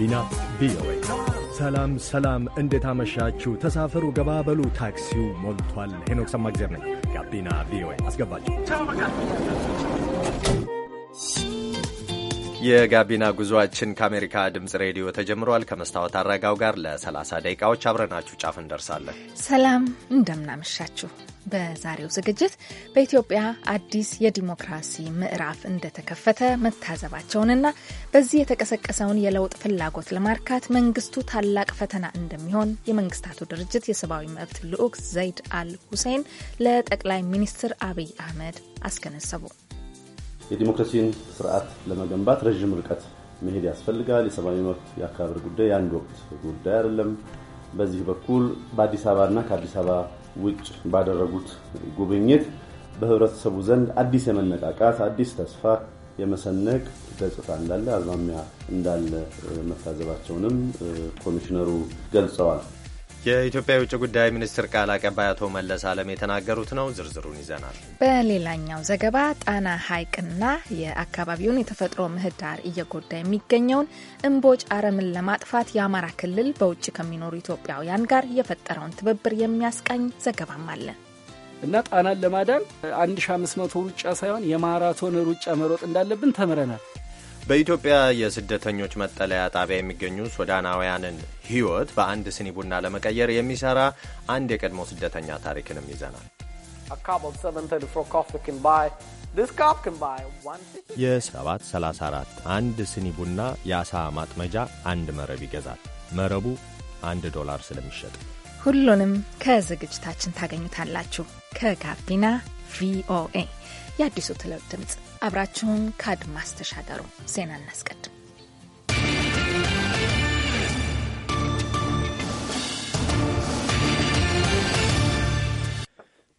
ጋቢና ቪኦኤ። ሰላም ሰላም፣ እንዴት አመሻችሁ? ተሳፈሩ፣ ገባበሉ፣ ታክሲው ሞልቷል። ሄኖክ ሰማግዜር ነኝ። ጋቢና ቪኦኤ አስገባችሁ። የጋቢና ጉዞአችን ከአሜሪካ ድምፅ ሬዲዮ ተጀምሯል። ከመስታወት አረጋው ጋር ለ30 ደቂቃዎች አብረናችሁ ጫፍ እንደርሳለን። ሰላም እንደምናመሻችሁ በዛሬው ዝግጅት በኢትዮጵያ አዲስ የዲሞክራሲ ምዕራፍ እንደተከፈተ መታዘባቸውንና በዚህ የተቀሰቀሰውን የለውጥ ፍላጎት ለማርካት መንግስቱ ታላቅ ፈተና እንደሚሆን የመንግስታቱ ድርጅት የሰብአዊ መብት ልዑክ ዘይድ አል ሁሴን ለጠቅላይ ሚኒስትር አብይ አህመድ አስገነሰቡ። የዲሞክራሲን ስርዓት ለመገንባት ረዥም ርቀት መሄድ ያስፈልጋል። የሰብአዊ መብት የአካባቢ ጉዳይ የአንድ ወቅት ጉዳይ አይደለም። በዚህ በኩል በአዲስ አበባና ከአዲስ አበባ ውጭ ባደረጉት ጉብኝት በህብረተሰቡ ዘንድ አዲስ የመነቃቃት አዲስ ተስፋ የመሰነቅ ገጽታ እንዳለ አዝማሚያ እንዳለ መታዘባቸውንም ኮሚሽነሩ ገልጸዋል። የኢትዮጵያ የውጭ ጉዳይ ሚኒስትር ቃል አቀባይ አቶ መለስ አለም የተናገሩት ነው። ዝርዝሩን ይዘናል። በሌላኛው ዘገባ ጣና ሐይቅና የአካባቢውን የተፈጥሮ ምህዳር እየጎዳ የሚገኘውን እምቦጭ አረምን ለማጥፋት የአማራ ክልል በውጭ ከሚኖሩ ኢትዮጵያውያን ጋር የፈጠረውን ትብብር የሚያስቃኝ ዘገባም አለ እና ጣናን ለማዳን 1500 ሩጫ ሳይሆን የማራቶን ሩጫ መሮጥ እንዳለብን ተምረናል። በኢትዮጵያ የስደተኞች መጠለያ ጣቢያ የሚገኙ ሱዳናውያንን ሕይወት በአንድ ስኒ ቡና ለመቀየር የሚሰራ አንድ የቀድሞ ስደተኛ ታሪክንም ይዘናል። የ734 አንድ ስኒ ቡና የአሳ ማጥመጃ አንድ መረብ ይገዛል። መረቡ አንድ ዶላር ስለሚሸጥ ሁሉንም ከዝግጅታችን ታገኙታላችሁ። ከጋቢና ቪኦኤ የአዲሱ ትውልድ ድምፅ አብራችሁን ከአድማስ ተሻገሩ። ዜና እናስቀድም።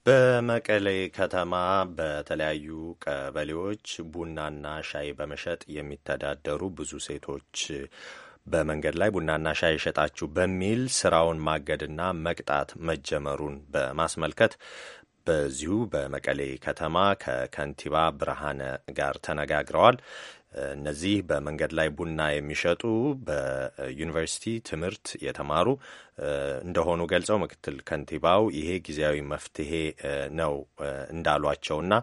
በመቀሌ ከተማ በተለያዩ ቀበሌዎች ቡናና ሻይ በመሸጥ የሚተዳደሩ ብዙ ሴቶች በመንገድ ላይ ቡናና ሻይ ሸጣችሁ በሚል ስራውን ማገድና መቅጣት መጀመሩን በማስመልከት በዚሁ በመቀሌ ከተማ ከከንቲባ ብርሃነ ጋር ተነጋግረዋል። እነዚህ በመንገድ ላይ ቡና የሚሸጡ በዩኒቨርሲቲ ትምህርት የተማሩ እንደሆኑ ገልጸው ምክትል ከንቲባው ይሄ ጊዜያዊ መፍትሄ ነው እንዳሏቸውና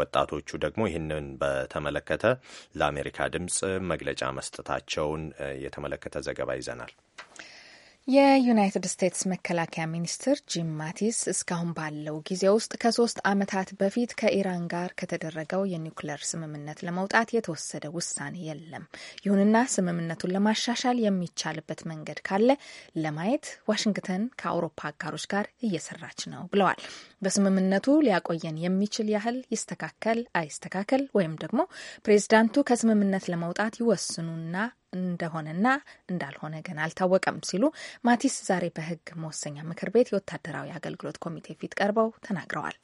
ወጣቶቹ ደግሞ ይህንን በተመለከተ ለአሜሪካ ድምፅ መግለጫ መስጠታቸውን የተመለከተ ዘገባ ይዘናል። የዩናይትድ ስቴትስ መከላከያ ሚኒስትር ጂም ማቲስ እስካሁን ባለው ጊዜ ውስጥ ከሶስት ዓመታት በፊት ከኢራን ጋር ከተደረገው የኒውክሌር ስምምነት ለመውጣት የተወሰደ ውሳኔ የለም። ይሁንና ስምምነቱን ለማሻሻል የሚቻልበት መንገድ ካለ ለማየት ዋሽንግተን ከአውሮፓ አጋሮች ጋር እየሰራች ነው ብለዋል። በስምምነቱ ሊያቆየን የሚችል ያህል ይስተካከል አይስተካከል፣ ወይም ደግሞ ፕሬዚዳንቱ ከስምምነት ለመውጣት ይወስኑና እንደሆነና እንዳልሆነ ገና አልታወቀም ሲሉ ማቲስ ዛሬ በህግ መወሰኛ ምክር ቤት የወታደራዊ አገልግሎት ኮሚቴ ፊት ቀርበው ተናግረዋል።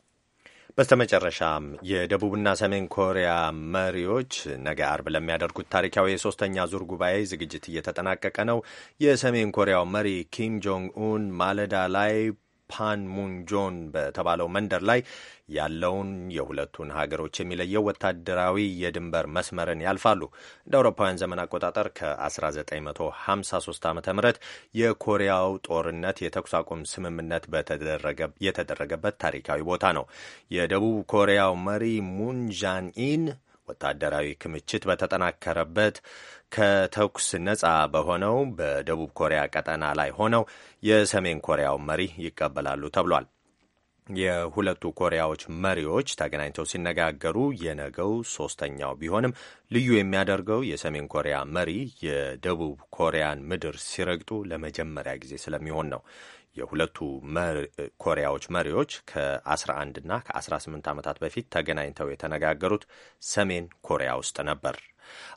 በስተመጨረሻም የደቡብና ሰሜን ኮሪያ መሪዎች ነገ አርብ ለሚያደርጉት ታሪካዊ የሶስተኛ ዙር ጉባኤ ዝግጅት እየተጠናቀቀ ነው። የሰሜን ኮሪያው መሪ ኪም ጆንግ ኡን ማለዳ ላይ ፓንሙንጆን በተባለው መንደር ላይ ያለውን የሁለቱን ሀገሮች የሚለየው ወታደራዊ የድንበር መስመርን ያልፋሉ። እንደ አውሮፓውያን ዘመን አቆጣጠር ከ1953 ዓ ም የኮሪያው ጦርነት የተኩስ አቁም ስምምነት የተደረገበት ታሪካዊ ቦታ ነው። የደቡብ ኮሪያው መሪ ሙንጃንኢን ወታደራዊ ክምችት በተጠናከረበት ከተኩስ ነጻ በሆነው በደቡብ ኮሪያ ቀጠና ላይ ሆነው የሰሜን ኮሪያው መሪ ይቀበላሉ ተብሏል። የሁለቱ ኮሪያዎች መሪዎች ተገናኝተው ሲነጋገሩ የነገው ሶስተኛው ቢሆንም ልዩ የሚያደርገው የሰሜን ኮሪያ መሪ የደቡብ ኮሪያን ምድር ሲረግጡ ለመጀመሪያ ጊዜ ስለሚሆን ነው። የሁለቱ ኮሪያዎች መሪዎች ከ11 እና ከ18 ዓመታት በፊት ተገናኝተው የተነጋገሩት ሰሜን ኮሪያ ውስጥ ነበር።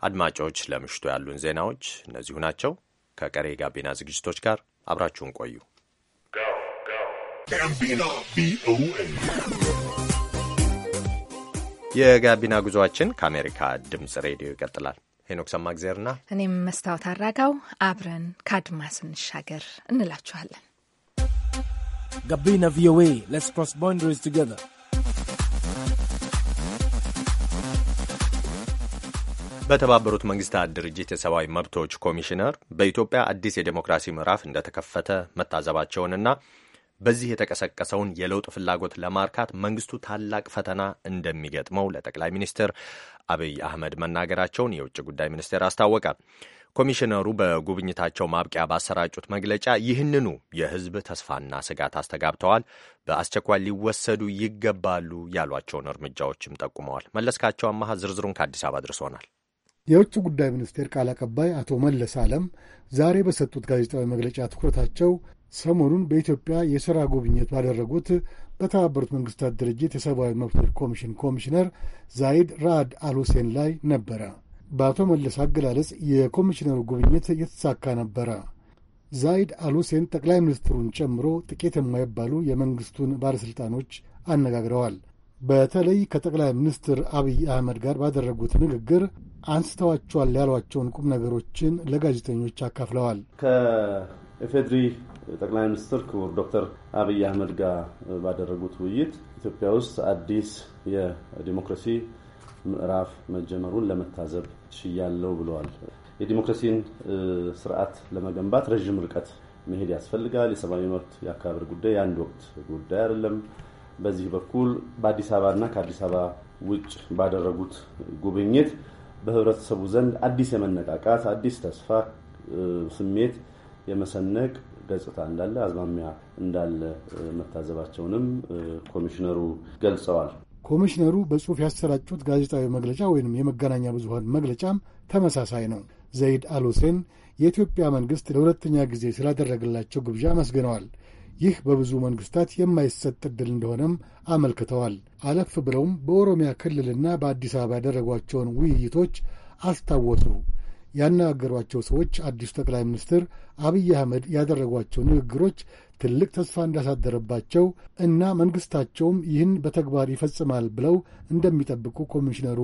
አድማጮች፣ ለምሽቱ ያሉን ዜናዎች እነዚሁ ናቸው። ከቀሪ ጋቢና ዝግጅቶች ጋር አብራችሁን ቆዩ። የጋቢና ጉዞአችን ከአሜሪካ ድምፅ ሬዲዮ ይቀጥላል። ሄኖክ ሰማግዜርና እኔም መስታወት አራጋው አብረን ከአድማስ እንሻገር እንላችኋለን። Gabina VOA. Let's cross boundaries together. በተባበሩት መንግስታት ድርጅት የሰብአዊ መብቶች ኮሚሽነር በኢትዮጵያ አዲስ የዴሞክራሲ ምዕራፍ እንደተከፈተ መታዘባቸውንና በዚህ የተቀሰቀሰውን የለውጥ ፍላጎት ለማርካት መንግስቱ ታላቅ ፈተና እንደሚገጥመው ለጠቅላይ ሚኒስትር አብይ አህመድ መናገራቸውን የውጭ ጉዳይ ሚኒስቴር አስታወቀ። ኮሚሽነሩ በጉብኝታቸው ማብቂያ ባሰራጩት መግለጫ ይህንኑ የህዝብ ተስፋና ስጋት አስተጋብተዋል። በአስቸኳይ ሊወሰዱ ይገባሉ ያሏቸውን እርምጃዎችም ጠቁመዋል። መለስካቸው አማሃ ዝርዝሩን ከአዲስ አበባ አድርሶናል። የውጭ ጉዳይ ሚኒስቴር ቃል አቀባይ አቶ መለስ ዓለም ዛሬ በሰጡት ጋዜጣዊ መግለጫ ትኩረታቸው ሰሞኑን በኢትዮጵያ የሥራ ጉብኝት ባደረጉት በተባበሩት መንግስታት ድርጅት የሰብአዊ መብቶች ኮሚሽን ኮሚሽነር ዛይድ ራድ አልሁሴን ላይ ነበረ። በአቶ መለስ አገላለጽ የኮሚሽነሩ ጉብኝት የተሳካ ነበረ። ዛይድ አልሁሴን ጠቅላይ ሚኒስትሩን ጨምሮ ጥቂት የማይባሉ የመንግሥቱን ባለሥልጣኖች አነጋግረዋል። በተለይ ከጠቅላይ ሚኒስትር አብይ አህመድ ጋር ባደረጉት ንግግር አንስተዋቸዋል ያሏቸውን ቁም ነገሮችን ለጋዜጠኞች አካፍለዋል። ከኢፌድሪ ጠቅላይ ሚኒስትር ክቡር ዶክተር አብይ አህመድ ጋር ባደረጉት ውይይት ኢትዮጵያ ውስጥ አዲስ የዲሞክራሲ ምዕራፍ መጀመሩን ለመታዘብ ችያለው ብለዋል። የዲሞክራሲን ስርዓት ለመገንባት ረዥም ርቀት መሄድ ያስፈልጋል። የሰብአዊ መብት የአከባበር ጉዳይ የአንድ ወቅት ጉዳይ አይደለም። በዚህ በኩል በአዲስ አበባና ከአዲስ አበባ ውጭ ባደረጉት ጉብኝት በህብረተሰቡ ዘንድ አዲስ የመነቃቃት አዲስ ተስፋ ስሜት የመሰነቅ ገጽታ እንዳለ አዝማሚያ እንዳለ መታዘባቸውንም ኮሚሽነሩ ገልጸዋል። ኮሚሽነሩ በጽሑፍ ያሰራጩት ጋዜጣዊ መግለጫ ወይም የመገናኛ ብዙሀን መግለጫም ተመሳሳይ ነው። ዘይድ አልሁሴን የኢትዮጵያ መንግሥት ለሁለተኛ ጊዜ ስላደረገላቸው ግብዣ አመስግነዋል። ይህ በብዙ መንግሥታት የማይሰጥ ዕድል እንደሆነም አመልክተዋል። አለፍ ብለውም በኦሮሚያ ክልልና በአዲስ አበባ ያደረጓቸውን ውይይቶች አስታወሱ። ያነጋገሯቸው ሰዎች አዲሱ ጠቅላይ ሚኒስትር አብይ አህመድ ያደረጓቸው ንግግሮች ትልቅ ተስፋ እንዳሳደረባቸው እና መንግሥታቸውም ይህን በተግባር ይፈጽማል ብለው እንደሚጠብቁ ኮሚሽነሩ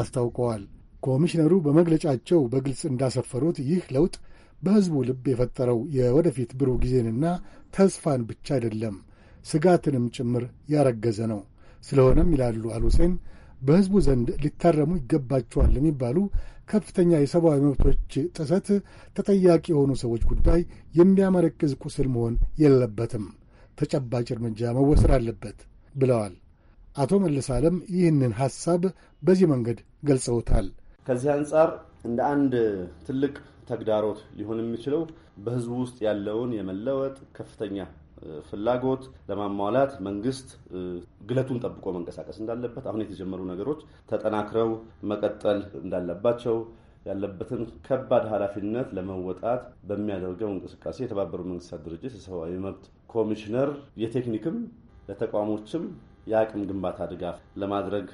አስታውቀዋል። ኮሚሽነሩ በመግለጫቸው በግልጽ እንዳሰፈሩት ይህ ለውጥ በሕዝቡ ልብ የፈጠረው የወደፊት ብሩህ ጊዜንና ተስፋን ብቻ አይደለም፣ ስጋትንም ጭምር ያረገዘ ነው። ስለሆነም ይላሉ አልሁሴን በሕዝቡ ዘንድ ሊታረሙ ይገባቸዋል የሚባሉ ከፍተኛ የሰብአዊ መብቶች ጥሰት ተጠያቂ የሆኑ ሰዎች ጉዳይ የሚያመረቅዝ ቁስል መሆን የለበትም፣ ተጨባጭ እርምጃ መወሰድ አለበት ብለዋል። አቶ መለስ ዓለም ይህንን ሐሳብ በዚህ መንገድ ገልጸውታል። ከዚህ አንጻር እንደ አንድ ትልቅ ተግዳሮት ሊሆን የሚችለው በሕዝቡ ውስጥ ያለውን የመለወጥ ከፍተኛ ፍላጎት ለማሟላት መንግስት ግለቱን ጠብቆ መንቀሳቀስ እንዳለበት፣ አሁን የተጀመሩ ነገሮች ተጠናክረው መቀጠል እንዳለባቸው ያለበትን ከባድ ኃላፊነት ለመወጣት በሚያደርገው እንቅስቃሴ የተባበሩት መንግስታት ድርጅት የሰብአዊ መብት ኮሚሽነር የቴክኒክም ለተቋሞችም የአቅም ግንባታ ድጋፍ ለማድረግ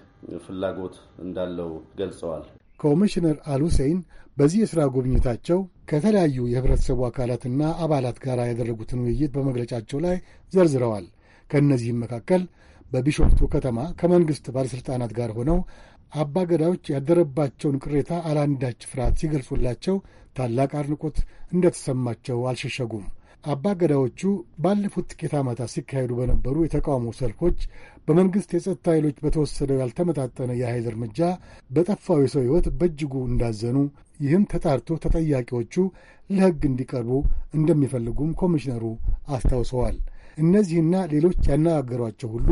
ፍላጎት እንዳለው ገልጸዋል። ኮሚሽነር አልሁሴይን በዚህ የሥራ ጉብኝታቸው ከተለያዩ የህብረተሰቡ አካላትና አባላት ጋር ያደረጉትን ውይይት በመግለጫቸው ላይ ዘርዝረዋል። ከእነዚህም መካከል በቢሾፍቱ ከተማ ከመንግሥት ባለሥልጣናት ጋር ሆነው አባገዳዎች ያደረባቸውን ቅሬታ አላንዳች ፍርሃት ሲገልጹላቸው ታላቅ አድንቆት እንደተሰማቸው አልሸሸጉም። አባገዳዎቹ ባለፉት ጥቂት ዓመታት ሲካሄዱ በነበሩ የተቃውሞ ሰልፎች በመንግሥት የጸጥታ ኃይሎች በተወሰደው ያልተመጣጠነ የኃይል እርምጃ በጠፋው የሰው ሕይወት በእጅጉ እንዳዘኑ፣ ይህም ተጣርቶ ተጠያቂዎቹ ለሕግ እንዲቀርቡ እንደሚፈልጉም ኮሚሽነሩ አስታውሰዋል። እነዚህና ሌሎች ያነጋገሯቸው ሁሉ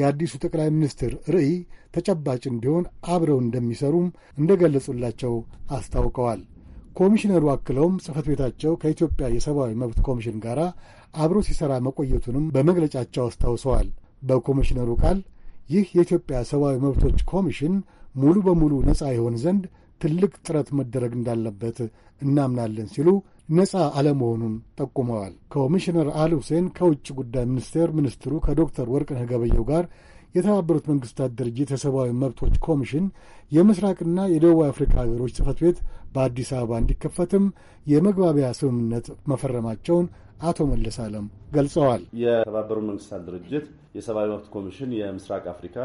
የአዲሱ ጠቅላይ ሚኒስትር ርዕይ ተጨባጭ እንዲሆን አብረው እንደሚሰሩም እንደገለጹላቸው አስታውቀዋል። ኮሚሽነሩ አክለውም ጽህፈት ቤታቸው ከኢትዮጵያ የሰብአዊ መብት ኮሚሽን ጋር አብሮ ሲሰራ መቆየቱንም በመግለጫቸው አስታውሰዋል። በኮሚሽነሩ ቃል ይህ የኢትዮጵያ ሰብአዊ መብቶች ኮሚሽን ሙሉ በሙሉ ነፃ ይሆን ዘንድ ትልቅ ጥረት መደረግ እንዳለበት እናምናለን ሲሉ ነፃ አለመሆኑን ጠቁመዋል። ኮሚሽነር አል ሁሴን ከውጭ ጉዳይ ሚኒስቴር ሚኒስትሩ ከዶክተር ወርቅነህ ገበየው ጋር የተባበሩት መንግስታት ድርጅት የሰብአዊ መብቶች ኮሚሽን የምስራቅና የደቡብ አፍሪካ ሀገሮች ጽህፈት ቤት በአዲስ አበባ እንዲከፈትም የመግባቢያ ስምምነት መፈረማቸውን አቶ መለስ አለም ገልጸዋል። የተባበሩት መንግስታት ድርጅት የሰብአዊ መብት ኮሚሽን የምስራቅ አፍሪካ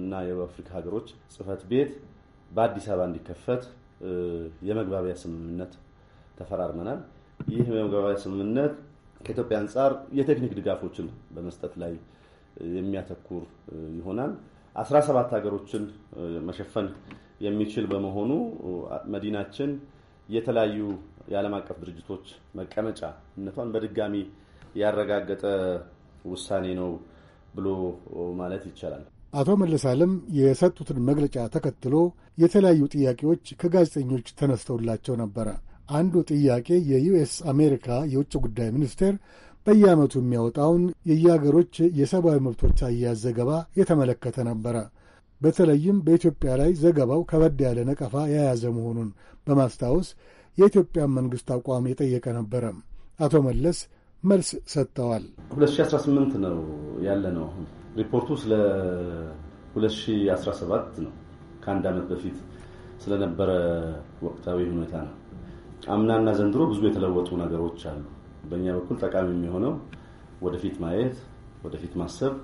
እና የደቡብ አፍሪካ ሀገሮች ጽህፈት ቤት በአዲስ አበባ እንዲከፈት የመግባቢያ ስምምነት ተፈራርመናል። ይህ የመግባቢያ ስምምነት ከኢትዮጵያ አንጻር የቴክኒክ ድጋፎችን በመስጠት ላይ የሚያተኩር ይሆናል። 17 ሀገሮችን መሸፈን የሚችል በመሆኑ መዲናችን የተለያዩ የዓለም አቀፍ ድርጅቶች መቀመጫነቷን በድጋሚ ያረጋገጠ ውሳኔ ነው ብሎ ማለት ይቻላል። አቶ መለስ አለም የሰጡትን መግለጫ ተከትሎ የተለያዩ ጥያቄዎች ከጋዜጠኞች ተነስተውላቸው ነበረ። አንዱ ጥያቄ የዩኤስ አሜሪካ የውጭ ጉዳይ ሚኒስቴር በየዓመቱ የሚያወጣውን የየአገሮች የሰብአዊ መብቶች አያያዝ ዘገባ የተመለከተ ነበረ። በተለይም በኢትዮጵያ ላይ ዘገባው ከበድ ያለ ነቀፋ የያዘ መሆኑን በማስታወስ የኢትዮጵያን መንግሥት አቋም የጠየቀ ነበረ። አቶ መለስ መልስ ሰጥተዋል። 2018 ነው ያለ ነው። አሁን ሪፖርቱ ስለ 2017 ነው። ከአንድ ዓመት በፊት ስለነበረ ወቅታዊ ሁኔታ ነው። አምናና ዘንድሮ ብዙ የተለወጡ ነገሮች አሉ። በእኛ በኩል ጠቃሚ የሚሆነው ወደፊት ማየት፣ ወደፊት ማሰብ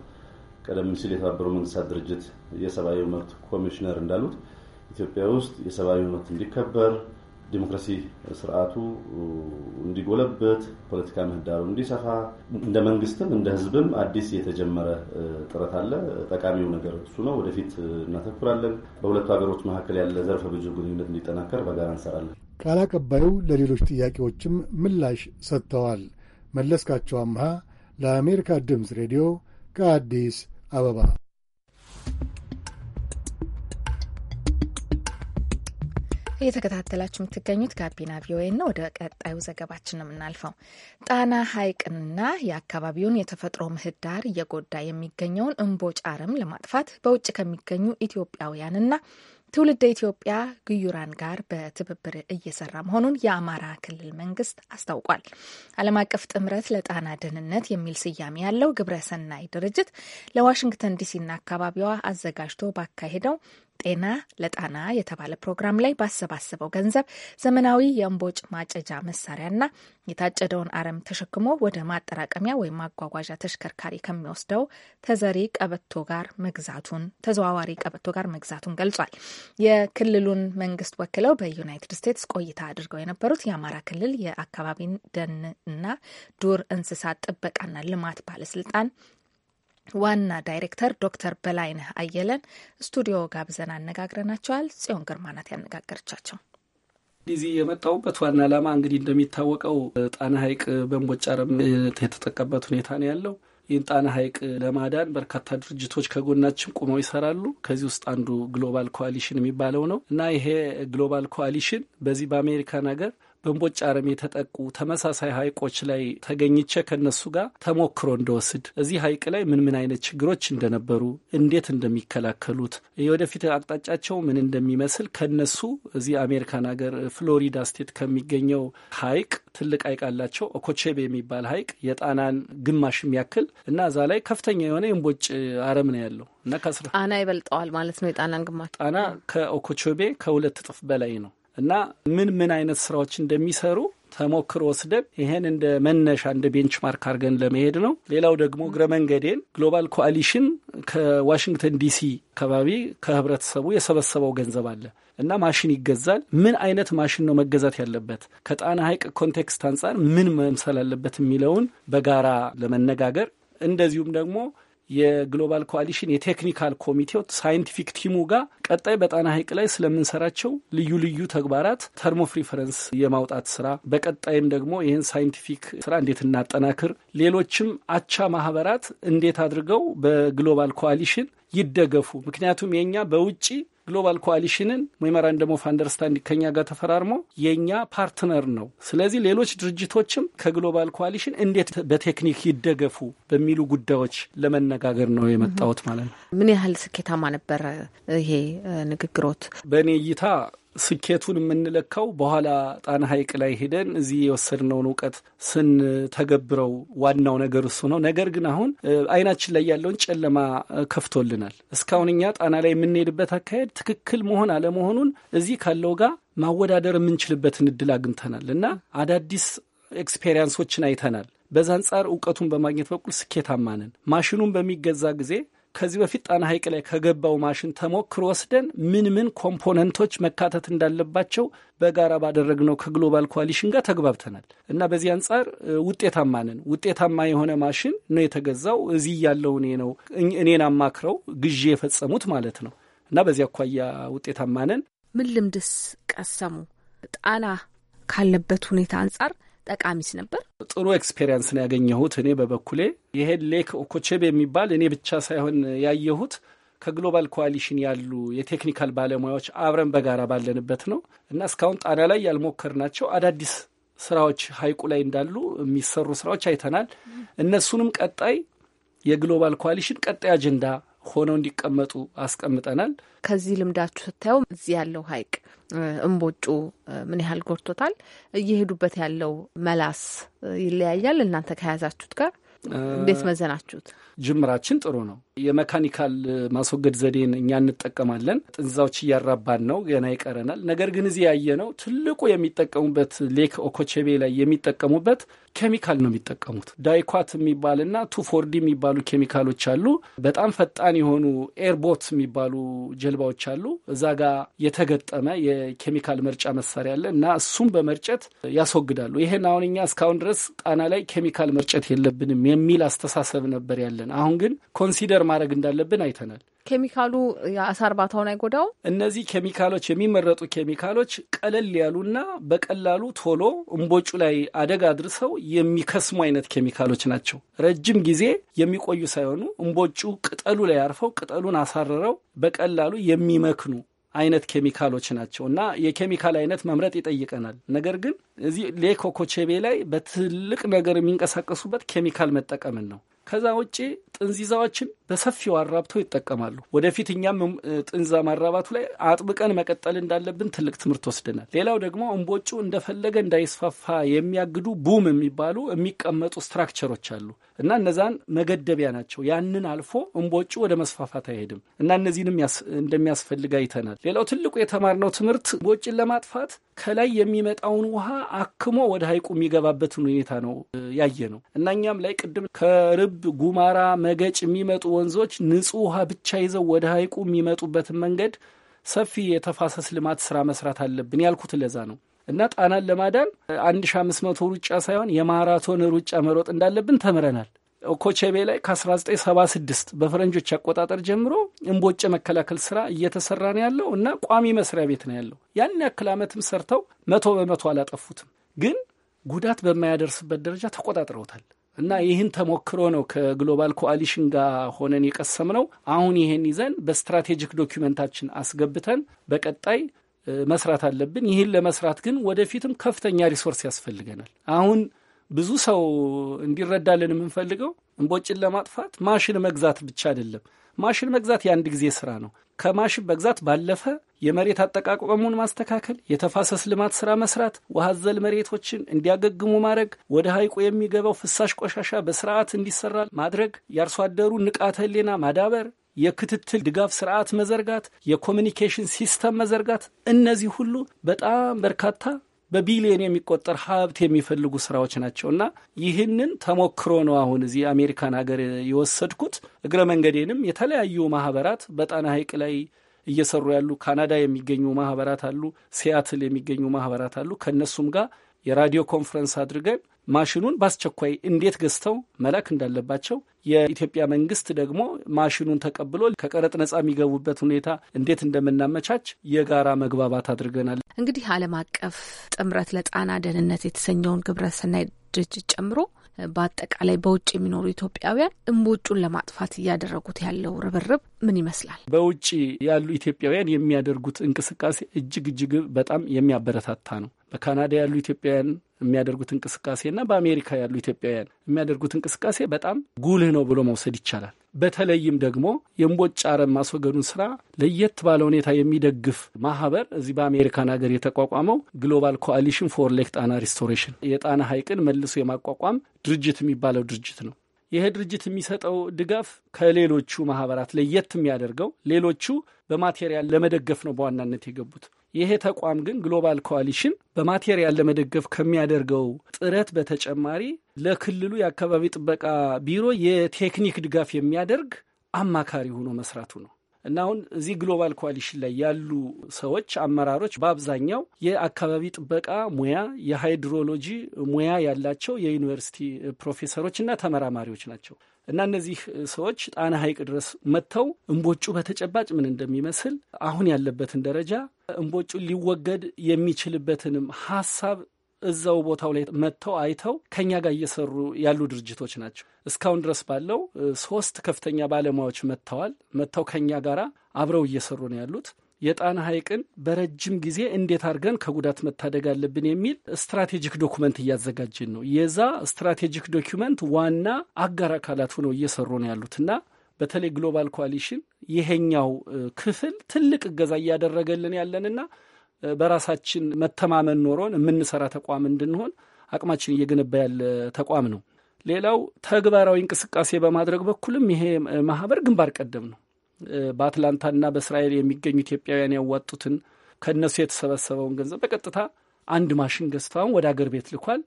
ቀደም ሲል የተባበሩ መንግስታት ድርጅት የሰብአዊ መብት ኮሚሽነር እንዳሉት ኢትዮጵያ ውስጥ የሰብአዊ መብት እንዲከበር፣ ዲሞክራሲ ስርዓቱ እንዲጎለበት፣ ፖለቲካ ምህዳሩ እንዲሰፋ እንደ መንግስትም እንደ ህዝብም አዲስ የተጀመረ ጥረት አለ። ጠቃሚው ነገር እሱ ነው። ወደፊት እናተኩራለን። በሁለቱ ሀገሮች መካከል ያለ ዘርፈ ብዙ ግንኙነት እንዲጠናከር በጋራ እንሰራለን። ቃል አቀባዩ ለሌሎች ጥያቄዎችም ምላሽ ሰጥተዋል። መለስካቸው አምሃ ለአሜሪካ ድምፅ ሬዲዮ ከአዲስ አበባ እየተከታተላችሁ የምትገኙት ጋቢና ቪኦኤ ነው። ወደ ቀጣዩ ዘገባችን ነው የምናልፈው። ጣና ሐይቅንና የአካባቢውን የተፈጥሮ ምህዳር እየጎዳ የሚገኘውን እምቦጭ አረም ለማጥፋት በውጭ ከሚገኙ ኢትዮጵያውያንና ትውልደ ኢትዮጵያ ግዩራን ጋር በትብብር እየሰራ መሆኑን የአማራ ክልል መንግስት አስታውቋል። ዓለም አቀፍ ጥምረት ለጣና ደህንነት የሚል ስያሜ ያለው ግብረ ሰናይ ድርጅት ለዋሽንግተን ዲሲና አካባቢዋ አዘጋጅቶ ባካሄደው ጤና ለጣና የተባለ ፕሮግራም ላይ ባሰባሰበው ገንዘብ ዘመናዊ የእምቦጭ ማጨጃ መሳሪያና የታጨደውን አረም ተሸክሞ ወደ ማጠራቀሚያ ወይም ማጓጓዣ ተሽከርካሪ ከሚወስደው ተዘሪ ቀበቶ ጋር መግዛቱን ተዘዋዋሪ ቀበቶ ጋር መግዛቱን ገልጿል። የክልሉን መንግስት ወክለው በዩናይትድ ስቴትስ ቆይታ አድርገው የነበሩት የአማራ ክልል የአካባቢን ደን እና ዱር እንስሳት ጥበቃና ልማት ባለስልጣን ዋና ዳይሬክተር ዶክተር በላይነህ አየለን ስቱዲዮ ጋብዘን አነጋግረናቸዋል። ጽዮን ግርማ ናት ያነጋገረቻቸው። ዚህ የመጣውበት ዋና ዓላማ እንግዲህ እንደሚታወቀው ጣና ሐይቅ በንቦጫረም የተጠቀበት ሁኔታ ነው ያለው። ይህን ጣና ሐይቅ ለማዳን በርካታ ድርጅቶች ከጎናችን ቁመው ይሰራሉ። ከዚህ ውስጥ አንዱ ግሎባል ኮአሊሽን የሚባለው ነው እና ይሄ ግሎባል ኮአሊሽን በዚህ በአሜሪካን ሀገር በእምቦጭ አረም የተጠቁ ተመሳሳይ ሀይቆች ላይ ተገኝቼ ከነሱ ጋር ተሞክሮ እንደወስድ እዚህ ሀይቅ ላይ ምን ምን አይነት ችግሮች እንደነበሩ፣ እንዴት እንደሚከላከሉት፣ የወደፊት አቅጣጫቸው ምን እንደሚመስል ከነሱ እዚህ አሜሪካን ሀገር ፍሎሪዳ ስቴት ከሚገኘው ሀይቅ ትልቅ ሀይቅ አላቸው ኦኮቼቤ የሚባል ሀይቅ የጣናን ግማሽ የሚያክል እና እዛ ላይ ከፍተኛ የሆነ የእምቦጭ አረም ነው ያለው እና ከስራ ጣና ይበልጠዋል ማለት ነው። የጣናን ግማሽ ጣና ከኦኮቾቤ ከሁለት እጥፍ በላይ ነው። እና ምን ምን አይነት ስራዎች እንደሚሰሩ ተሞክሮ ወስደን ይሄን እንደ መነሻ እንደ ቤንችማርክ አድርገን ለመሄድ ነው። ሌላው ደግሞ እግረ መንገዴን ግሎባል ኮአሊሽን ከዋሽንግተን ዲሲ አካባቢ ከህብረተሰቡ የሰበሰበው ገንዘብ አለ እና ማሽን ይገዛል። ምን አይነት ማሽን ነው መገዛት ያለበት፣ ከጣና ሐይቅ ኮንቴክስት አንጻር ምን መምሰል አለበት የሚለውን በጋራ ለመነጋገር እንደዚሁም ደግሞ የግሎባል ኮአሊሽን የቴክኒካል ኮሚቴው ሳይንቲፊክ ቲሙ ጋር ቀጣይ በጣና ሐይቅ ላይ ስለምንሰራቸው ልዩ ልዩ ተግባራት ተርሞፍ ሪፈረንስ የማውጣት ስራ፣ በቀጣይም ደግሞ ይህን ሳይንቲፊክ ስራ እንዴት እናጠናክር፣ ሌሎችም አቻ ማህበራት እንዴት አድርገው በግሎባል ኮአሊሽን ይደገፉ ምክንያቱም የኛ በውጭ ግሎባል ኮአሊሽንን ሜሞራንደም ኦፍ አንደርስታንዲንግ ከኛ ጋር ተፈራርሞ የእኛ ፓርትነር ነው። ስለዚህ ሌሎች ድርጅቶችም ከግሎባል ኮአሊሽን እንዴት በቴክኒክ ይደገፉ በሚሉ ጉዳዮች ለመነጋገር ነው የመጣሁት ማለት ነው። ምን ያህል ስኬታማ ነበር ይሄ ንግግሮት? በእኔ እይታ ስኬቱን የምንለካው በኋላ ጣና ሐይቅ ላይ ሄደን እዚህ የወሰድነውን እውቀት ስንተገብረው ዋናው ነገር እሱ ነው። ነገር ግን አሁን አይናችን ላይ ያለውን ጨለማ ከፍቶልናል። እስካሁን እኛ ጣና ላይ የምንሄድበት አካሄድ ትክክል መሆን አለመሆኑን እዚህ ካለው ጋር ማወዳደር የምንችልበትን እድል አግኝተናል እና አዳዲስ ኤክስፔሪንሶችን አይተናል። በዛ አንጻር እውቀቱን በማግኘት በኩል ስኬታማ ነን። ማሽኑን በሚገዛ ጊዜ ከዚህ በፊት ጣና ሐይቅ ላይ ከገባው ማሽን ተሞክሮ ወስደን ምን ምን ኮምፖነንቶች መካተት እንዳለባቸው በጋራ ባደረግነው ከግሎባል ኮሊሽን ጋር ተግባብተናል እና በዚህ አንጻር ውጤታማ ነን። ውጤታማ የሆነ ማሽን ነው የተገዛው። እዚህ ያለው እኔ ነው እኔን አማክረው ግዢ የፈጸሙት ማለት ነው እና በዚህ አኳያ ውጤታማ ነን። ምን ልምድስ ቀሰሙ? ጣና ካለበት ሁኔታ አንጻር ጠቃሚስ ነበር? ጥሩ ኤክስፔሪንስ ነው ያገኘሁት። እኔ በበኩሌ ይሄን ሌክ ኦኮቼብ የሚባል እኔ ብቻ ሳይሆን ያየሁት ከግሎባል ኮዋሊሽን ያሉ የቴክኒካል ባለሙያዎች አብረን በጋራ ባለንበት ነው እና እስካሁን ጣና ላይ ያልሞከር ናቸው አዳዲስ ስራዎች ሀይቁ ላይ እንዳሉ የሚሰሩ ስራዎች አይተናል። እነሱንም ቀጣይ የግሎባል ኮዋሊሽን ቀጣይ አጀንዳ ሆነው እንዲቀመጡ አስቀምጠናል። ከዚህ ልምዳችሁ ስታየው እዚህ ያለው ሀይቅ እምቦጩ ምን ያህል ጎድቶታል? እየሄዱበት ያለው መላስ ይለያያል። እናንተ ከያዛችሁት ጋር እንዴት መዘናችሁት? ጅምራችን ጥሩ ነው። የመካኒካል ማስወገድ ዘዴን እኛ እንጠቀማለን። ጥንዛዎች እያራባን ነው፣ ገና ይቀረናል። ነገር ግን እዚህ ያየ ነው ትልቁ የሚጠቀሙበት ሌክ ኦኮቼቤ ላይ የሚጠቀሙበት ኬሚካል ነው የሚጠቀሙት። ዳይኳት የሚባልና ቱፎርዲ የሚባሉ ኬሚካሎች አሉ። በጣም ፈጣን የሆኑ ኤርቦት የሚባሉ ጀልባዎች አሉ። እዛ ጋ የተገጠመ የኬሚካል መርጫ መሳሪያ አለ እና እሱም በመርጨት ያስወግዳሉ። ይሄን አሁን እኛ እስካሁን ድረስ ጣና ላይ ኬሚካል መርጨት የለብንም የሚል አስተሳሰብ ነበር ያለን። አሁን ግን ኮንሲደር ፊልተር ማድረግ እንዳለብን አይተናል። ኬሚካሉ የአሳ እርባታውን አይጎዳው። እነዚህ ኬሚካሎች የሚመረጡ ኬሚካሎች ቀለል ያሉና በቀላሉ ቶሎ እምቦጩ ላይ አደጋ አድርሰው የሚከስሙ አይነት ኬሚካሎች ናቸው። ረጅም ጊዜ የሚቆዩ ሳይሆኑ እምቦጩ ቅጠሉ ላይ አርፈው ቅጠሉን አሳርረው በቀላሉ የሚመክኑ አይነት ኬሚካሎች ናቸው እና የኬሚካል አይነት መምረጥ ይጠይቀናል። ነገር ግን እዚህ ሌኮኮቼቤ ላይ በትልቅ ነገር የሚንቀሳቀሱበት ኬሚካል መጠቀምን ነው። ከዛ ውጭ ጥንዚዛዎችን በሰፊው አራብተው ይጠቀማሉ። ወደፊት እኛም ጥንዛ ማራባቱ ላይ አጥብቀን መቀጠል እንዳለብን ትልቅ ትምህርት ወስደናል። ሌላው ደግሞ እምቦጩ እንደፈለገ እንዳይስፋፋ የሚያግዱ ቡም የሚባሉ የሚቀመጡ ስትራክቸሮች አሉ እና እነዛን መገደቢያ ናቸው። ያንን አልፎ እምቦጩ ወደ መስፋፋት አይሄድም እና እነዚህንም እንደሚያስፈልግ አይተናል። ሌላው ትልቁ የተማርነው ትምህርት እምቦጭን ለማጥፋት ከላይ የሚመጣውን ውሃ አክሞ ወደ ሀይቁ የሚገባበትን ሁኔታ ነው ያየ ነው እና እኛም ላይ ቅድም ከርብ ጉማራ፣ መገጭ የሚመጡ ወንዞች ንጹህ ውሃ ብቻ ይዘው ወደ ሐይቁ የሚመጡበትን መንገድ ሰፊ የተፋሰስ ልማት ስራ መስራት አለብን ያልኩት ለዛ ነው እና ጣናን ለማዳን አንድ ሺ አምስት መቶ ሩጫ ሳይሆን የማራቶን ሩጫ መሮጥ እንዳለብን ተምረናል። ኮቼቤ ላይ ከ1976 በፈረንጆች አቆጣጠር ጀምሮ እምቦጭ መከላከል ስራ እየተሰራ ነው ያለው እና ቋሚ መስሪያ ቤት ነው ያለው። ያን ያክል ዓመትም ሰርተው መቶ በመቶ አላጠፉትም፣ ግን ጉዳት በማያደርስበት ደረጃ ተቆጣጥረውታል። እና ይህን ተሞክሮ ነው ከግሎባል ኮአሊሽን ጋር ሆነን የቀሰም ነው። አሁን ይህን ይዘን በስትራቴጂክ ዶኪመንታችን አስገብተን በቀጣይ መስራት አለብን። ይህን ለመስራት ግን ወደፊትም ከፍተኛ ሪሶርስ ያስፈልገናል። አሁን ብዙ ሰው እንዲረዳልን የምንፈልገው እንቦጭን ለማጥፋት ማሽን መግዛት ብቻ አይደለም። ማሽን መግዛት የአንድ ጊዜ ስራ ነው። ከማሽን መግዛት ባለፈ የመሬት አጠቃቀሙን ማስተካከል፣ የተፋሰስ ልማት ስራ መስራት፣ ውሃ አዘል መሬቶችን እንዲያገግሙ ማድረግ፣ ወደ ሐይቁ የሚገባው ፍሳሽ ቆሻሻ በስርዓት እንዲሰራ ማድረግ፣ የአርሶ አደሩ ንቃተ ህሊና ማዳበር፣ የክትትል ድጋፍ ስርዓት መዘርጋት፣ የኮሚኒኬሽን ሲስተም መዘርጋት፣ እነዚህ ሁሉ በጣም በርካታ በቢሊዮን የሚቆጠር ሀብት የሚፈልጉ ስራዎች ናቸው እና ይህንን ተሞክሮ ነው አሁን እዚህ አሜሪካን ሀገር የወሰድኩት። እግረ መንገዴንም የተለያዩ ማህበራት በጣና ሐይቅ ላይ እየሰሩ ያሉ ካናዳ የሚገኙ ማህበራት አሉ፣ ሲያትል የሚገኙ ማህበራት አሉ። ከእነሱም ጋር የራዲዮ ኮንፈረንስ አድርገን ማሽኑን በአስቸኳይ እንዴት ገዝተው መላክ እንዳለባቸው የኢትዮጵያ መንግስት ደግሞ ማሽኑን ተቀብሎ ከቀረጥ ነጻ የሚገቡበት ሁኔታ እንዴት እንደምናመቻች የጋራ መግባባት አድርገናል። እንግዲህ ዓለም አቀፍ ጥምረት ለጣና ደህንነት የተሰኘውን ግብረ ድርጅት ጨምሮ በአጠቃላይ በውጭ የሚኖሩ ኢትዮጵያውያን እምቦጩን ለማጥፋት እያደረጉት ያለው ርብርብ ምን ይመስላል? በውጭ ያሉ ኢትዮጵያውያን የሚያደርጉት እንቅስቃሴ እጅግ እጅግ በጣም የሚያበረታታ ነው። በካናዳ ያሉ ኢትዮጵያውያን የሚያደርጉት እንቅስቃሴ እና በአሜሪካ ያሉ ኢትዮጵያውያን የሚያደርጉት እንቅስቃሴ በጣም ጉልህ ነው ብሎ መውሰድ ይቻላል። በተለይም ደግሞ የእምቦጭ አረም ማስወገዱን ስራ ለየት ባለ ሁኔታ የሚደግፍ ማህበር እዚህ በአሜሪካን ሀገር የተቋቋመው ግሎባል ኮአሊሽን ፎር ሌክ ጣና ሪስቶሬሽን የጣና ሐይቅን መልሶ የማቋቋም ድርጅት የሚባለው ድርጅት ነው። ይሄ ድርጅት የሚሰጠው ድጋፍ ከሌሎቹ ማህበራት ለየት የሚያደርገው ሌሎቹ በማቴሪያል ለመደገፍ ነው በዋናነት የገቡት። ይሄ ተቋም ግን ግሎባል ኮዋሊሽን በማቴሪያል ለመደገፍ ከሚያደርገው ጥረት በተጨማሪ ለክልሉ የአካባቢ ጥበቃ ቢሮ የቴክኒክ ድጋፍ የሚያደርግ አማካሪ ሆኖ መስራቱ ነው። እና አሁን እዚህ ግሎባል ኮዋሊሽን ላይ ያሉ ሰዎች አመራሮች በአብዛኛው የአካባቢ ጥበቃ ሙያ፣ የሃይድሮሎጂ ሙያ ያላቸው የዩኒቨርሲቲ ፕሮፌሰሮች እና ተመራማሪዎች ናቸው። እና እነዚህ ሰዎች ጣና ሐይቅ ድረስ መጥተው እምቦጩ በተጨባጭ ምን እንደሚመስል አሁን ያለበትን ደረጃ እምቦጩ ሊወገድ የሚችልበትንም ሀሳብ እዛው ቦታው ላይ መጥተው አይተው ከኛ ጋር እየሰሩ ያሉ ድርጅቶች ናቸው። እስካሁን ድረስ ባለው ሶስት ከፍተኛ ባለሙያዎች መጥተዋል። መጥተው ከኛ ጋር አብረው እየሰሩ ነው ያሉት። የጣና ሐይቅን በረጅም ጊዜ እንዴት አድርገን ከጉዳት መታደግ አለብን የሚል ስትራቴጂክ ዶኩመንት እያዘጋጅን ነው። የዛ ስትራቴጂክ ዶኪመንት ዋና አጋር አካላት ሆነው እየሰሩ ነው ያሉት እና በተለይ ግሎባል ኮሊሽን ይሄኛው ክፍል ትልቅ እገዛ እያደረገልን ያለንና በራሳችን መተማመን ኖሮን የምንሰራ ተቋም እንድንሆን አቅማችን እየገነባ ያለ ተቋም ነው። ሌላው ተግባራዊ እንቅስቃሴ በማድረግ በኩልም ይሄ ማህበር ግንባር ቀደም ነው። በአትላንታና በእስራኤል የሚገኙ ኢትዮጵያውያን ያዋጡትን ከእነሱ የተሰበሰበውን ገንዘብ በቀጥታ አንድ ማሽን አሁን ወደ አገር ቤት ልኳል።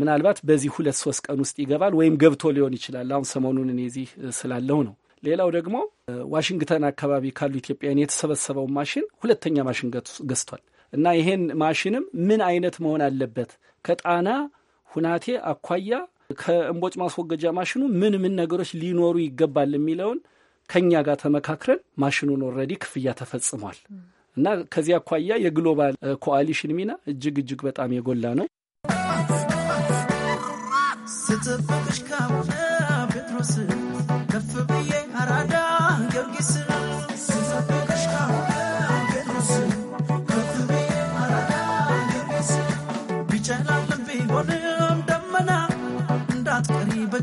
ምናልባት በዚህ ሁለት ሶስት ቀን ውስጥ ይገባል ወይም ገብቶ ሊሆን ይችላል። አሁን ሰሞኑን እኔ እዚህ ስላለው ነው። ሌላው ደግሞ ዋሽንግተን አካባቢ ካሉ ኢትዮጵያውያን የተሰበሰበውን ማሽን ሁለተኛ ማሽን ገዝቷል እና ይሄን ማሽንም ምን አይነት መሆን አለበት ከጣና ሁናቴ አኳያ ከእንቦጭ ማስወገጃ ማሽኑ ምን ምን ነገሮች ሊኖሩ ይገባል የሚለውን ከኛ ጋር ተመካክረን ማሽኑን ኦልሬዲ ክፍያ ተፈጽሟል እና ከዚህ አኳያ የግሎባል ኮአሊሽን ሚና እጅግ እጅግ በጣም የጎላ ነው።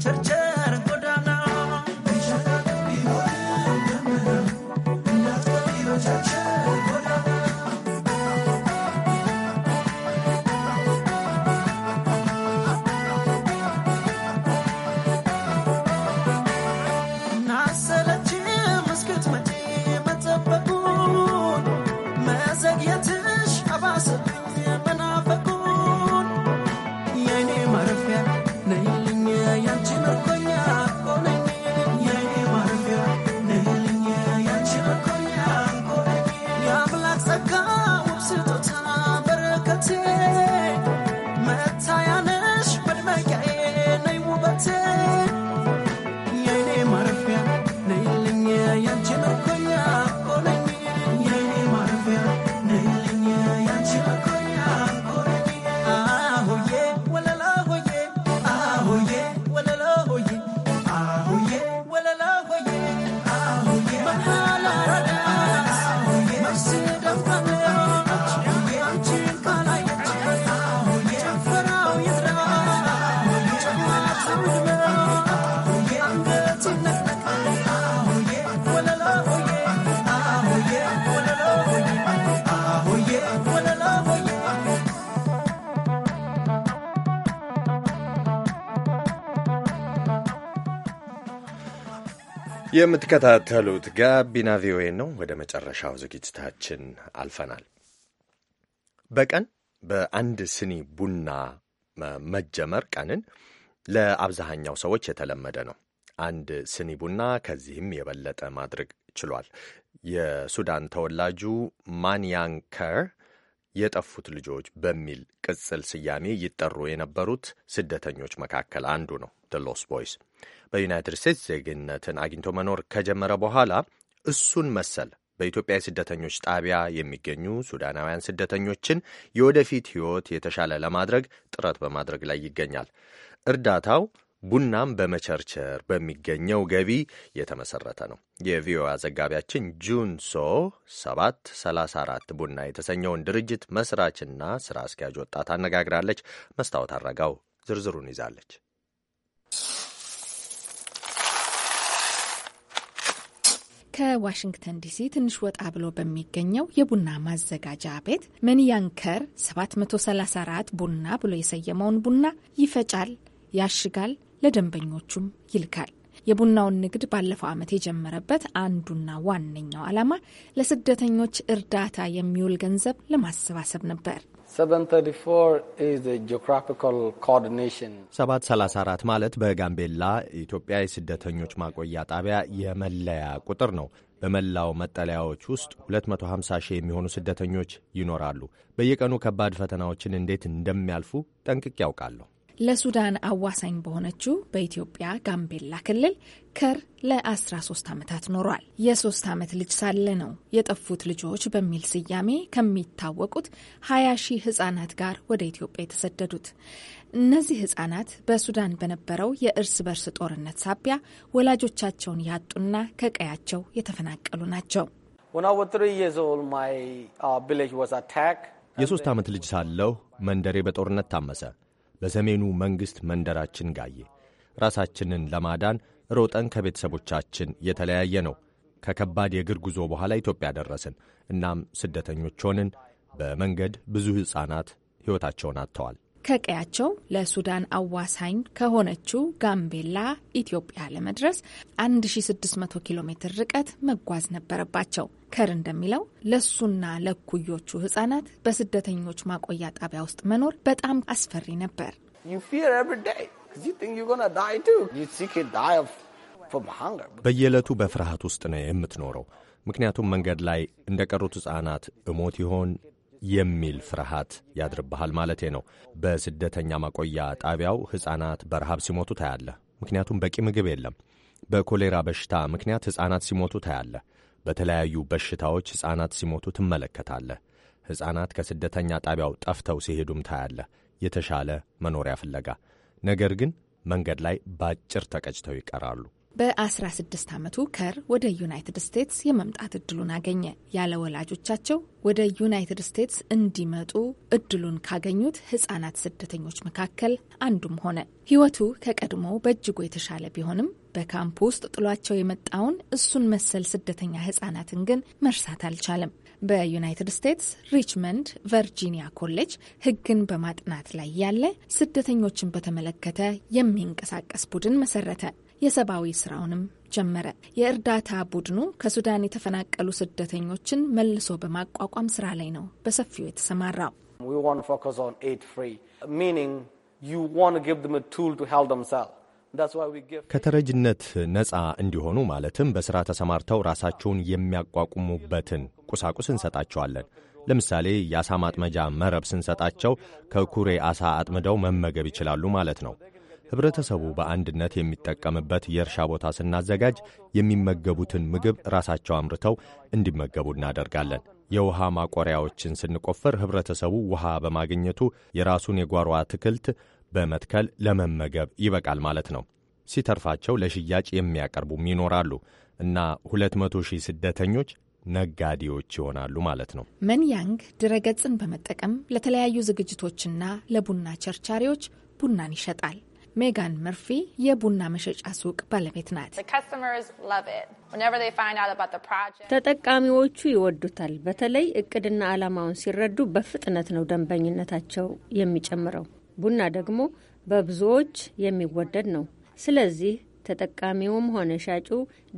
Church. የምትከታተሉት ጋቢና ቪኦኤ ነው። ወደ መጨረሻው ዝግጅታችን አልፈናል። በቀን በአንድ ስኒ ቡና መጀመር ቀንን ለአብዛኛው ሰዎች የተለመደ ነው። አንድ ስኒ ቡና ከዚህም የበለጠ ማድረግ ችሏል። የሱዳን ተወላጁ ማንያንከር የጠፉት ልጆች በሚል ቅጽል ስያሜ ይጠሩ የነበሩት ስደተኞች መካከል አንዱ ነው። ሎስ ቦይስ በዩናይትድ ስቴትስ ዜግነትን አግኝቶ መኖር ከጀመረ በኋላ እሱን መሰል በኢትዮጵያ የስደተኞች ጣቢያ የሚገኙ ሱዳናውያን ስደተኞችን የወደፊት ሕይወት የተሻለ ለማድረግ ጥረት በማድረግ ላይ ይገኛል። እርዳታው ቡናም በመቸርቸር በሚገኘው ገቢ የተመሰረተ ነው። የቪኦኤ ዘጋቢያችን ጁን ሶ 734 ቡና የተሰኘውን ድርጅት መስራችና ስራ አስኪያጅ ወጣት አነጋግራለች። መስታወት አረጋው ዝርዝሩን ይዛለች። ከዋሽንግተን ዲሲ ትንሽ ወጣ ብሎ በሚገኘው የቡና ማዘጋጃ ቤት መንያንከር 734 ቡና ብሎ የሰየመውን ቡና ይፈጫል፣ ያሽጋል፣ ለደንበኞቹም ይልካል። የቡናውን ንግድ ባለፈው ዓመት የጀመረበት አንዱና ዋነኛው ዓላማ ለስደተኞች እርዳታ የሚውል ገንዘብ ለማሰባሰብ ነበር። 734 ማለት በጋምቤላ ኢትዮጵያ የስደተኞች ማቆያ ጣቢያ የመለያ ቁጥር ነው። በመላው መጠለያዎች ውስጥ 250 ሺህ የሚሆኑ ስደተኞች ይኖራሉ። በየቀኑ ከባድ ፈተናዎችን እንዴት እንደሚያልፉ ጠንቅቄ ያውቃለሁ። ለሱዳን አዋሳኝ በሆነችው በኢትዮጵያ ጋምቤላ ክልል ከር ለ13 ዓመታት ኖሯል። የሶስት ዓመት ልጅ ሳለ ነው የጠፉት ልጆች በሚል ስያሜ ከሚታወቁት 20 ሺህ ህጻናት ጋር ወደ ኢትዮጵያ የተሰደዱት። እነዚህ ህጻናት በሱዳን በነበረው የእርስ በርስ ጦርነት ሳቢያ ወላጆቻቸውን ያጡና ከቀያቸው የተፈናቀሉ ናቸው። uh, የሶስት ዓመት ልጅ ሳለሁ መንደሬ በጦርነት ታመሰ። በሰሜኑ መንግሥት መንደራችን ጋየ። ራሳችንን ለማዳን ሮጠን ከቤተሰቦቻችን የተለያየ ነው። ከከባድ የእግር ጉዞ በኋላ ኢትዮጵያ ደረስን። እናም ስደተኞች ሆንን። በመንገድ ብዙ ሕፃናት ሕይወታቸውን አጥተዋል። ከቀያቸው ለሱዳን አዋሳኝ ከሆነችው ጋምቤላ ኢትዮጵያ ለመድረስ 1600 ኪሎ ሜትር ርቀት መጓዝ ነበረባቸው። ከር እንደሚለው ለሱና ለኩዮቹ ህጻናት በስደተኞች ማቆያ ጣቢያ ውስጥ መኖር በጣም አስፈሪ ነበር። በየዕለቱ በፍርሃት ውስጥ ነው የምትኖረው። ምክንያቱም መንገድ ላይ እንደ ቀሩት እሞት ይሆን የሚል ፍርሃት ያድርብሃል ማለቴ ነው። በስደተኛ ማቆያ ጣቢያው ሕፃናት በረሃብ ሲሞቱ ታያለህ፣ ምክንያቱም በቂ ምግብ የለም። በኮሌራ በሽታ ምክንያት ሕፃናት ሲሞቱ ታያለህ። በተለያዩ በሽታዎች ሕፃናት ሲሞቱ ትመለከታለህ። ሕፃናት ከስደተኛ ጣቢያው ጠፍተው ሲሄዱም ታያለህ፣ የተሻለ መኖሪያ ፍለጋ። ነገር ግን መንገድ ላይ ባጭር ተቀጭተው ይቀራሉ። በ16 ዓመቱ ከር ወደ ዩናይትድ ስቴትስ የመምጣት እድሉን አገኘ። ያለ ወላጆቻቸው ወደ ዩናይትድ ስቴትስ እንዲመጡ እድሉን ካገኙት ህጻናት ስደተኞች መካከል አንዱም ሆነ። ህይወቱ ከቀድሞ በእጅጉ የተሻለ ቢሆንም በካምፕ ውስጥ ጥሏቸው የመጣውን እሱን መሰል ስደተኛ ህጻናትን ግን መርሳት አልቻለም። በዩናይትድ ስቴትስ ሪችመንድ ቨርጂኒያ ኮሌጅ ህግን በማጥናት ላይ ያለ ስደተኞችን በተመለከተ የሚንቀሳቀስ ቡድን መሰረተ። የሰብአዊ ስራውንም ጀመረ። የእርዳታ ቡድኑ ከሱዳን የተፈናቀሉ ስደተኞችን መልሶ በማቋቋም ስራ ላይ ነው በሰፊው የተሰማራው። ከተረጅነት ነፃ እንዲሆኑ ማለትም በሥራ ተሰማርተው ራሳቸውን የሚያቋቁሙበትን ቁሳቁስ እንሰጣቸዋለን። ለምሳሌ የአሳ ማጥመጃ መረብ ስንሰጣቸው ከኩሬ አሳ አጥምደው መመገብ ይችላሉ ማለት ነው። ህብረተሰቡ በአንድነት የሚጠቀምበት የእርሻ ቦታ ስናዘጋጅ የሚመገቡትን ምግብ ራሳቸው አምርተው እንዲመገቡ እናደርጋለን። የውሃ ማቆሪያዎችን ስንቆፍር ህብረተሰቡ ውሃ በማግኘቱ የራሱን የጓሮ አትክልት በመትከል ለመመገብ ይበቃል ማለት ነው። ሲተርፋቸው ለሽያጭ የሚያቀርቡም ይኖራሉ እና 200 ሺህ ስደተኞች ነጋዴዎች ይሆናሉ ማለት ነው። መንያንግ ድረገጽን በመጠቀም ለተለያዩ ዝግጅቶችና ለቡና ቸርቻሪዎች ቡናን ይሸጣል። ሜጋን መርፊ የቡና መሸጫ ሱቅ ባለቤት ናት። ተጠቃሚዎቹ ይወዱታል። በተለይ እቅድና ዓላማውን ሲረዱ በፍጥነት ነው ደንበኝነታቸው የሚጨምረው። ቡና ደግሞ በብዙዎች የሚወደድ ነው። ስለዚህ ተጠቃሚውም ሆነ ሻጩ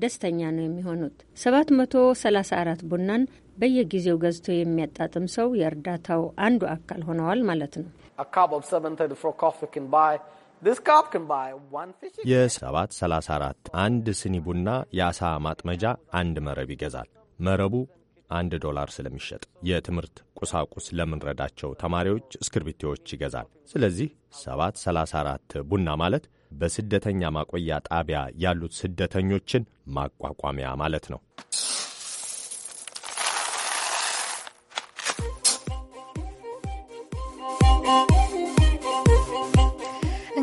ደስተኛ ነው የሚሆኑት። 734 ቡናን በየጊዜው ገዝቶ የሚያጣጥም ሰው የእርዳታው አንዱ አካል ሆነዋል ማለት ነው። የሰባት ሰላሳ አራት አንድ ስኒ ቡና የአሳ ማጥመጃ አንድ መረብ ይገዛል። መረቡ አንድ ዶላር ስለሚሸጥ የትምህርት ቁሳቁስ ለምንረዳቸው ተማሪዎች እስክርቢቴዎች ይገዛል። ስለዚህ ሰባት ሰላሳ አራት ቡና ማለት በስደተኛ ማቆያ ጣቢያ ያሉት ስደተኞችን ማቋቋሚያ ማለት ነው።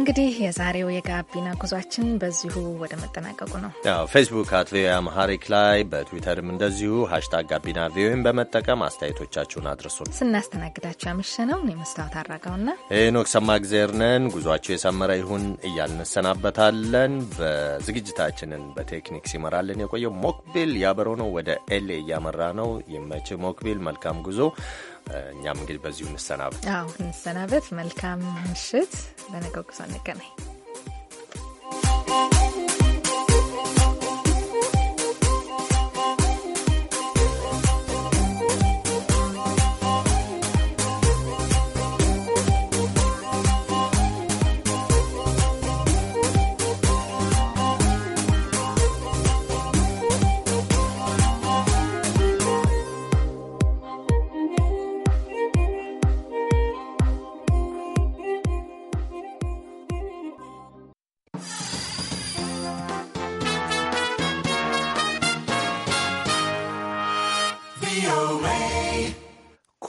እንግዲህ የዛሬው የጋቢና ጉዟችን በዚሁ ወደ መጠናቀቁ ነው። ፌስቡክ አት ቪኦኤ አምሃሪክ ላይ በትዊተርም እንደዚሁ ሀሽታግ ጋቢና ቪኦኤን በመጠቀም አስተያየቶቻችሁን አድርሱን። ስናስተናግዳችሁ ያመሸነው እኔ መስታወት አራጋውና ሄኖክ ሰማእግዜር ነን። ጉዟችሁ የሰመረ ይሁን እያልን እንሰናበታለን። በዝግጅታችንን በቴክኒክ ሲመራልን የቆየው ሞክቢል ያበረው ነው። ወደ ኤሌ እያመራ ነው። ይመች ሞክቢል። መልካም ጉዞ እኛም እንግዲህ በዚሁ እንሰናበት። አዎ እንሰናበት። መልካም ምሽት። በነገው ጉዞ እንገናኝ።